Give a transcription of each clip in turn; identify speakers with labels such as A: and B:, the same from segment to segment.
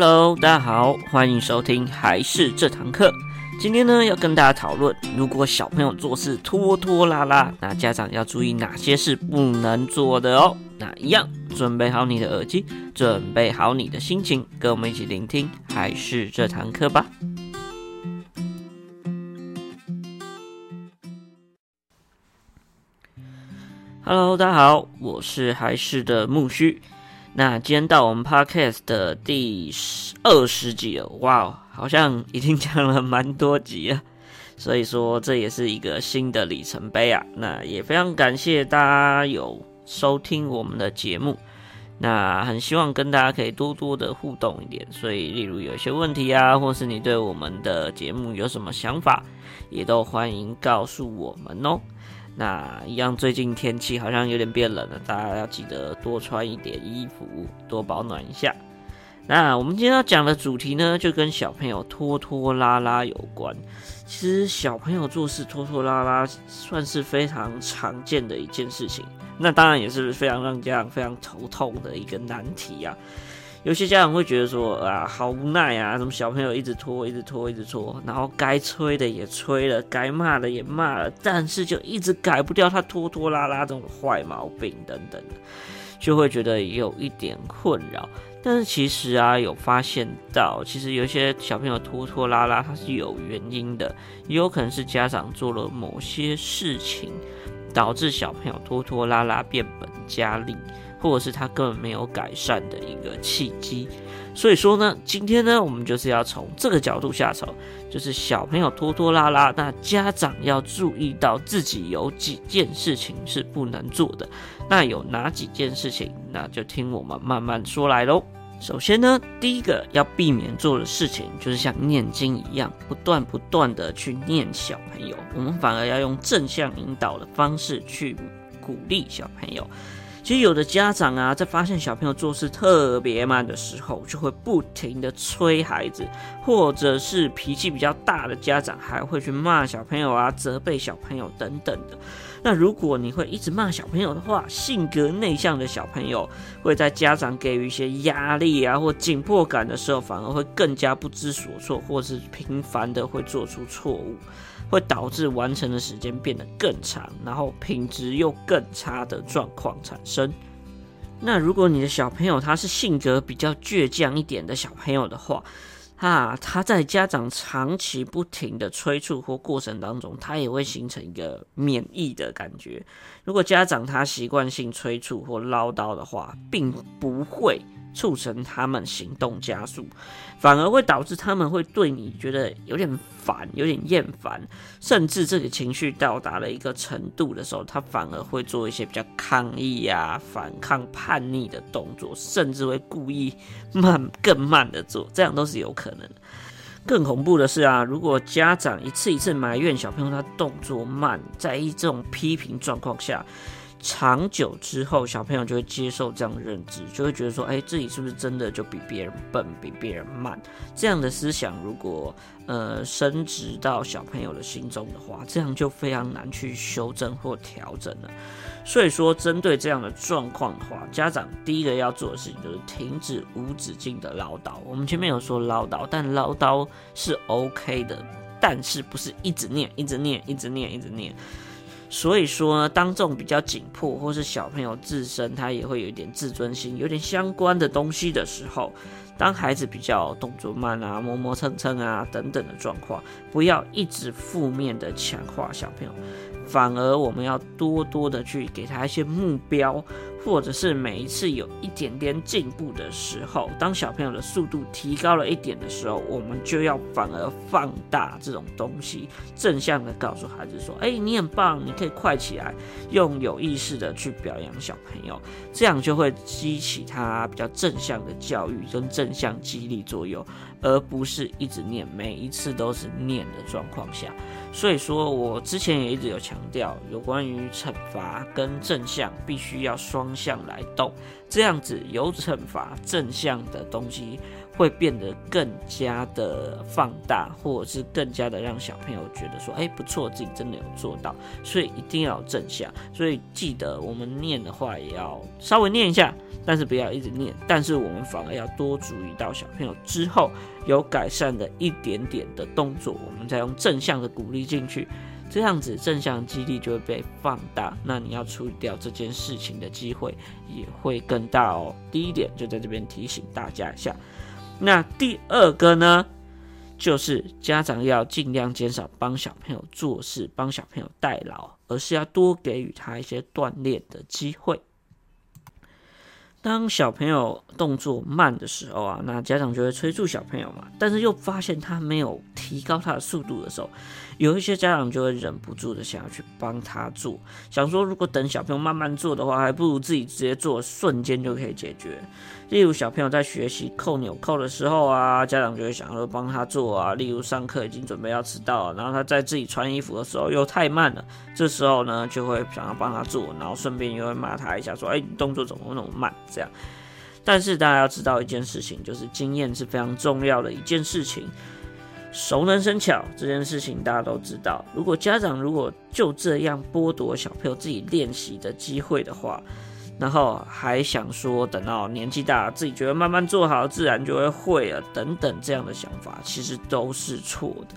A: Hello，大家好，歡迎收聽還是這堂課。今天呢，要跟大家討論，如果小朋友做事拖拖拉拉，那家長要注意哪些事不能做的哦。那一樣，準備好你的耳機，準備好你的心情，跟我們一起聆聽還是這堂課吧。Hello，大家好，我是還是的木須。那今天到我們 Podcast 的第二十集了，哇，好像已經講了蠻多集啊。所以說這也是一個新的里程碑啊。那也非常感謝大家有收聽我們的節目，那很希望跟大家可以多多的互動一點，所以例如有些問題啊，或是你對我們的節目有什麼想法，也都歡迎告訴我們哦。那一樣，最近天氣好像有點變冷了，大家要記得多穿一點衣服，多保暖一下。那我們今天要講的主題呢，就跟小朋友拖拖拉拉有關。其實小朋友做事拖拖拉拉拉，算是非常常見的一件事情。那當然也是非常讓家長非常頭痛的一個難題啊。有些家長會覺得說啊，好無奈啊，什麼小朋友一直拖，一直拖，一直拖，然後該催的也催了，該罵的也罵了，但是就一直改不掉他拖拖拉拉這種壞毛病等等，就會覺得有一點困擾。但是其實啊，有發現到，其實有些小朋友拖拖拉拉，他是有原因的，也有可能是家長做了某些事情，導致小朋友拖拖拉拉變本加厲。或者是他根本沒有改善的一個契機，所以說呢，今天呢，我們就是要從這個角度下手，就是小朋友拖拖拉拉，那家長要注意到自己有幾件事情是不能做的，那有哪幾件事情，那就聽我們慢慢說來嘍。首先呢，第一個要避免做的事情，就是像念經一樣，不斷不斷的去念小朋友，我們反而要用正向引導的方式去鼓勵小朋友。其實有的家長啊，在發現小朋友做事特別慢的時候，就會不停的催孩子，或者是脾氣比較大的家長，還會去罵小朋友啊、責備小朋友等等的。那如果你會一直罵小朋友的話，性格內向的小朋友會在家長給予一些壓力啊或緊迫感的時候，反而會更加不知所措，或是頻繁的會做出錯誤，會導致完成的時間變得更長，然後品質又更差的狀況產生。那如果你的小朋友他是性格比較倔強一點的小朋友的話，啊，他在家長長期不停的催促或過程當中，他也會形成一個免疫的感覺。如果家長他習慣性催促或嘮叨的話，並不會，促成他們行動加速，反而會導致他們會對你覺得有點煩、有點厭煩，甚至自己情緒到達了一個程度的時候，他反而會做一些比較抗議呀、啊、反抗、叛逆的動作，甚至會故意慢、更慢的做，這樣都是有可能的。更恐怖的是啊，如果家長一次一次埋怨小朋友他動作慢，在這種批評狀況下，長久之後，小朋友就會接受這樣的認知，就會覺得說，哎、欸，自己是不是真的就比別人笨，比別人慢？這樣的思想，如果呃深植到小朋友的心中的話，這樣就非常難去修正或調整了。所以說，針對這樣的狀況的話，家長第一個要做的事情就是停止無止境的嘮叨。我們前面有說嘮叨，但嘮叨是 OK 的，但是不是一直念，一直念，一直念，一直念。所以說呢，當這種比較緊迫，或是小朋友自身他也會有一點自尊心，有點相關的東西的時候，當孩子比較動作慢啊、磨磨蹭蹭啊等等的狀況，不要一直負面的強化小朋友，反而我們要多多的去給他一些目標。或者是每一次有一點點進步的時候，當小朋友的速度提高了一點的時候，我們就要反而放大這種東西，正向的告訴孩子說：“誒、欸，你很棒，你可以快起來。”用有意識的去表揚小朋友，這樣就會激起他比較正向的教育跟正向激勵作用。而不是一直念，每一次都是念的狀況下，所以說，我之前也一直有強調，有關於懲罰跟正向必須要雙向來動，這樣子有懲罰正向的東西。會變得更加的放大，或者是更加的讓小朋友覺得說，哎，不錯，自己真的有做到，所以一定要有正向，所以記得我們念的話也要稍微念一下，但是不要一直念，但是我們反而要多注意到小朋友之後有改善的一點點的動作，我們再用正向的鼓勵進去，這樣子正向的激勵就會被放大，那你要處理掉這件事情的機會也會更大哦。第一點就在這邊提醒大家一下。那第二個呢，就是家長要盡量減少幫小朋友做事、幫小朋友代勞，而是要多給予他一些鍛鍊的機會。當小朋友動作慢的時候啊，那家長就會催促小朋友嘛，但是又發現他沒有提高他的速度的時候。有一些家長就會忍不住的想要去幫他做，想說如果等小朋友慢慢做的話，還不如自己直接做，瞬間就可以解決。例如小朋友在學習扣紐扣的時候啊，家長就會想要幫他做啊。例如上課已經準備要遲到了，然後他在自己穿衣服的時候又太慢了，這時候呢就會想要幫他做，然後順便又會罵他一下，說：“哎，你動作怎麼那麼慢？”這樣。但是大家要知道一件事情，就是經驗是非常重要的一件事情。熟能生巧，這件事情大家都知道。如果家長如果就這樣剝奪小朋友自己練習的機會的話，然後還想說等到年紀大，自己覺得慢慢做好，自然就會會了，等等這樣的想法，其實都是錯的。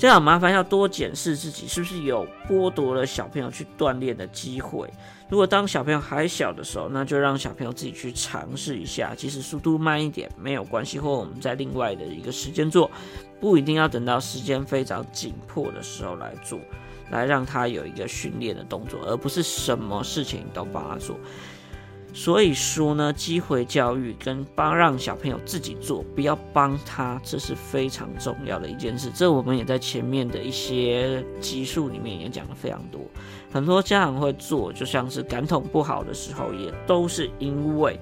A: 這樣麻煩要多檢視自己是不是有剝奪了小朋友去鍛鍊的機會。如果當小朋友還小的時候，那就讓小朋友自己去嘗試一下，即使速度慢一點沒有關係，或我們在另外的一個時間做，不一定要等到時間非常緊迫的時候來做，來讓他有一個訓練的動作，而不是什麼事情都幫他做。所以說呢，機會教育跟幫讓小朋友自己做，不要幫他，這是非常重要的一件事。這我們也在前面的一些集數裡面也講了非常多。很多家長會做，就像是感統不好的時候，也都是因為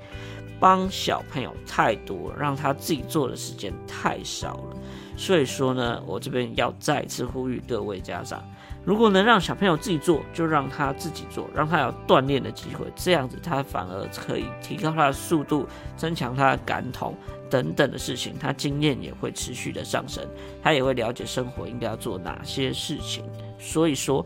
A: 幫小朋友太多，讓他自己做的時間太少了。所以說呢，我這邊要再次呼籲各位家長。如果能讓小朋友自己做，就讓他自己做，讓他有鍛鍊的機會，這樣子他反而可以提高他的速度，增強他的感統等等的事情，他經驗也會持續的上升，他也會了解生活應該要做哪些事情。所以說，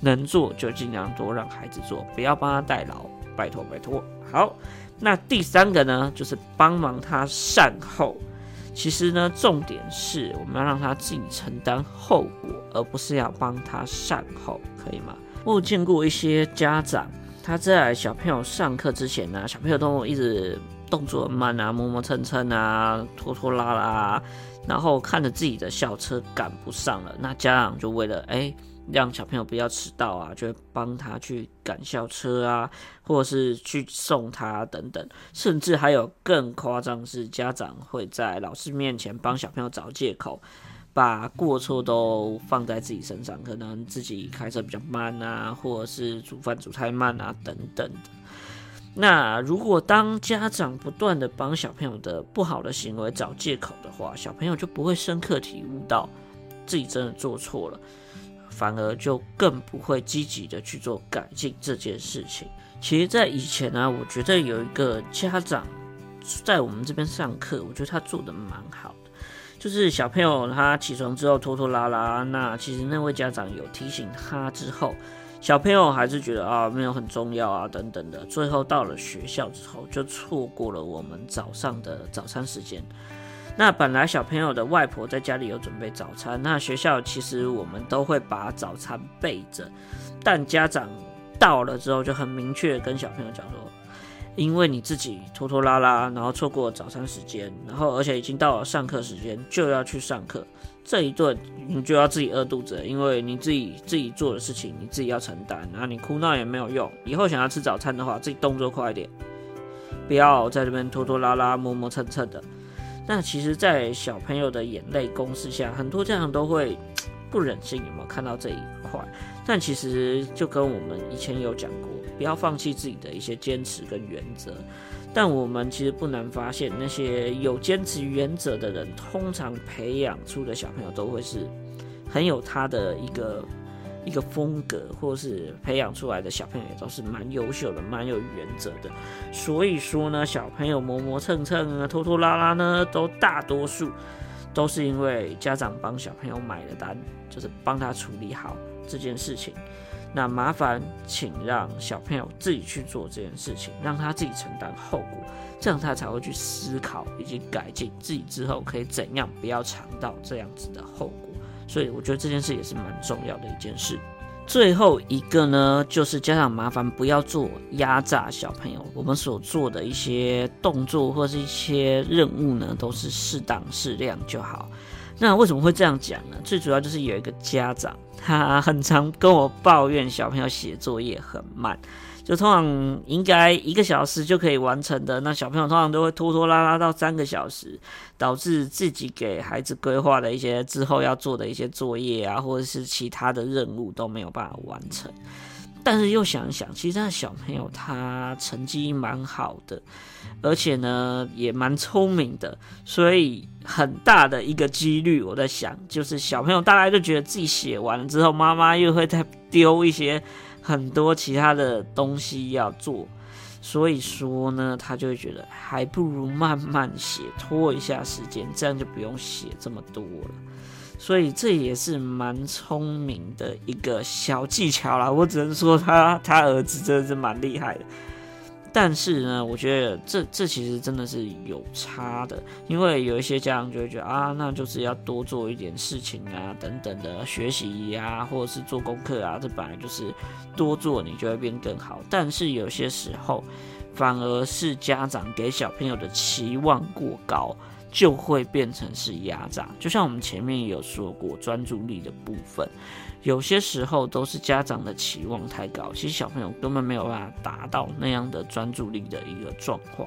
A: 能做就盡量多讓孩子做，不要幫他代勞，拜託拜託。好，那第三個呢，就是幫忙他善後。其實呢，重點是我們要讓他自己承擔後果，而不是要幫他善後，可以嗎？我有見過一些家長，他在小朋友上課之前呢，小朋友都一直動作慢啊，磨磨蹭蹭啊，拖拖拉拉，然後看着自己的校車趕不上了，那家長就為了哎，誒讓小朋友不要遲到啊，就會幫他去趕校車啊，或者是去送他等等，甚至還有更誇張，是家長會在老師面前幫小朋友找借口，把過錯都放在自己身上，可能自己開車比較慢啊，或者是煮飯煮太慢啊等等。那如果當家長不斷的幫小朋友的不好的行為找借口的話，小朋友就不會深刻體悟到自己真的做錯了。反而就更不會積極的去做改進這件事情。其實，在以前呢啊，我覺得有一個家長在我們這邊上課，我覺得他做得蠻好的，就是小朋友他起床之後拖拖拉拉，那其實那位家長有提醒他之後，小朋友還是覺得啊沒有很重要啊等等的，最後到了學校之後就錯過了我們早上的早餐時間。那本來小朋友的外婆在家裡有準備早餐，那學校其實我們都會把早餐備着，但家長到了之後就很明確跟小朋友講說，因為你自己拖拖拉拉，然後錯過早餐時間，然後而且已經到了上課時間就要去上課，這一頓你就要自己餓肚子了，因為你自己自己做的事情你自己要承擔，然後你哭鬧也沒有用，以後想要吃早餐的話自己動作快一點，不要在這邊拖拖拉拉磨磨蹭蹭的。那其實，在小朋友的眼淚攻勢下，很多家長都會不忍心，有沒有看到這一塊？但其實就跟我們以前有講過，不要放棄自己的一些堅持跟原則。但我們其實不難發現，那些有堅持原則的人，通常培養出的小朋友都會是很有他的一個。一個風格，或是培養出來的小朋友也都是蠻優秀的，蠻有原則的。所以說呢，小朋友磨磨蹭蹭啊，拖拖拉拉呢，都大多數都是因為家長幫小朋友買了單，就是幫他處理好這件事情。那麻煩請讓小朋友自己去做這件事情，讓他自己承擔後果，這樣他才會去思考以及改進自己之後可以怎樣，不要嘗到這樣子的後果。所以我覺得這件事也是蠻重要的一件事。最後一個呢，就是家長麻煩不要做壓榨小朋友。我們所做的一些動作或是一些任務呢，都是適當適量就好。那為什麼會這樣講呢？最主要就是有一個家長，他很常跟我抱怨小朋友寫作業很慢。就通常應該一個小時就可以完成的，那小朋友通常都會拖拖拉拉到三個小時，導致自己給孩子規劃的一些之後要做的一些作業啊，或者是其他的任務都沒有辦法完成。但是又想一想，其實那小朋友他成績蠻好的，而且呢也蠻聰明的，所以很大的一個幾率我在想，就是小朋友大概就覺得自己寫完了之後，媽媽又會再丟一些。很多其他的東西要做，所以說呢，他就會覺得還不如慢慢寫，拖一下時間，這樣就不用寫這麼多了。所以這也是蠻聰明的一個小技巧啦，我只能說他，他他兒子真的是蠻厲害的。但是呢，我覺得這這其實真的是有差的，因為有一些家長就會覺得啊，那就是要多做一點事情啊，等等的學習啊，或者是做功課啊，這本來就是多做你就會變更好。但是有些時候，反而是家長給小朋友的期望過高，就會變成是壓榨。就像我們前面有說過，專注力的部分。有些時候都是家長的期望太高，其實小朋友根本沒有辦法達到那樣的專注力的一個狀況。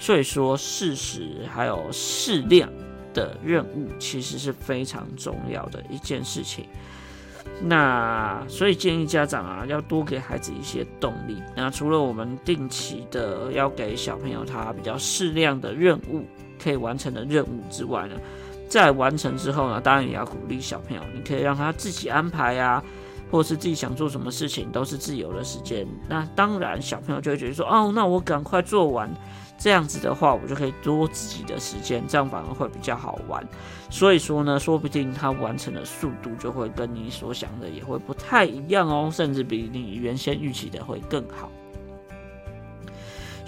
A: 所以說，適時還有適量的任務，其實是非常重要的一件事情。那所以建議家長啊，要多給孩子一些動力。那除了我們定期的要給小朋友他比較適量的任務，可以完成的任務之外呢，在完成之後呢，當然也要鼓勵小朋友，你可以讓他自己安排啊，或是自己想做什麼事情都是自由的時間。那當然，小朋友就會覺得說，哦，那我趕快做完，這樣子的話，我就可以多自己的時間，這樣反而會比較好玩。所以說呢，說不定他完成的速度就會跟你所想的也會不太一樣哦，甚至比你原先預期的會更好。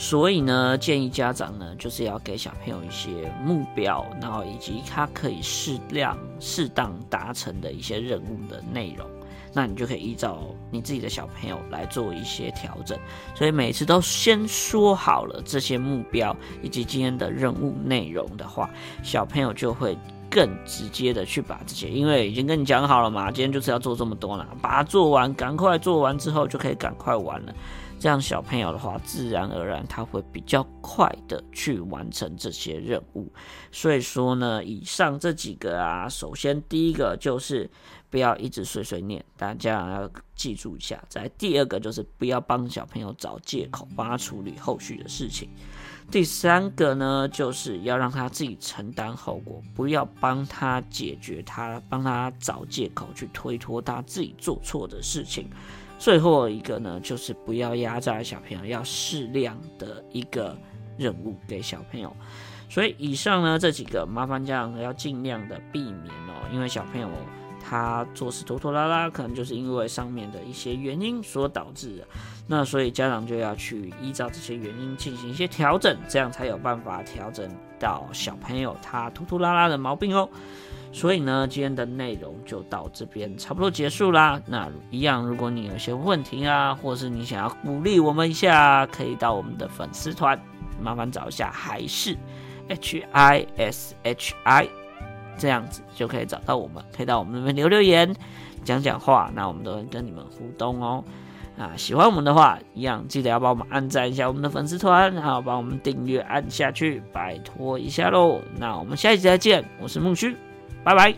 A: 所以呢，建議家長呢，就是要給小朋友一些目標，然後以及他可以適量、適當達成的一些任務的內容。那你就可以依照你自己的小朋友來做一些調整。所以每次都先說好了這些目標以及今天的任務內容的話，小朋友就會更直接的去把這些，因為已經跟你講好了嘛，今天就是要做這麼多了，把它做完，趕快做完之後就可以趕快玩了。這樣小朋友的話，自然而然他會比較快的去完成這些任務。所以說呢，以上這幾個啊，首先第一個就是不要一直碎碎念，大家要記住一下。再第二個就是不要幫小朋友找借口，幫他處理後續的事情。第三個呢，就是要讓他自己承擔後果，不要幫他解決他，幫他找借口去推脫他自己做錯的事情。最後一個呢，就是不要壓榨小朋友，要適量的一個任務給小朋友。所以以上呢，這幾個麻煩家長要盡量的避免哦，因為小朋友他做事拖拖拉拉，可能就是因為上面的一些原因所導致的。那所以家長就要去依照這些原因進行一些調整，這樣才有辦法調整到小朋友他拖拖拉拉的毛病哦。所以呢，今天的內容就到這邊差不多結束啦。那一樣，如果你有些問題啊，或是你想要鼓勵我們一下，可以到我們的粉絲團，麻煩找一下，還是 H I S H I 這樣子就可以找到我們，可以到我們那邊留留言，講講話，那我們都會跟你們互動哦。啊，喜歡我們的話，一樣記得要幫我們按讚一下我們的粉絲團，然後幫我們訂閱按下去，拜託一下嘍。那我們下一集再見，我是木須。拜拜。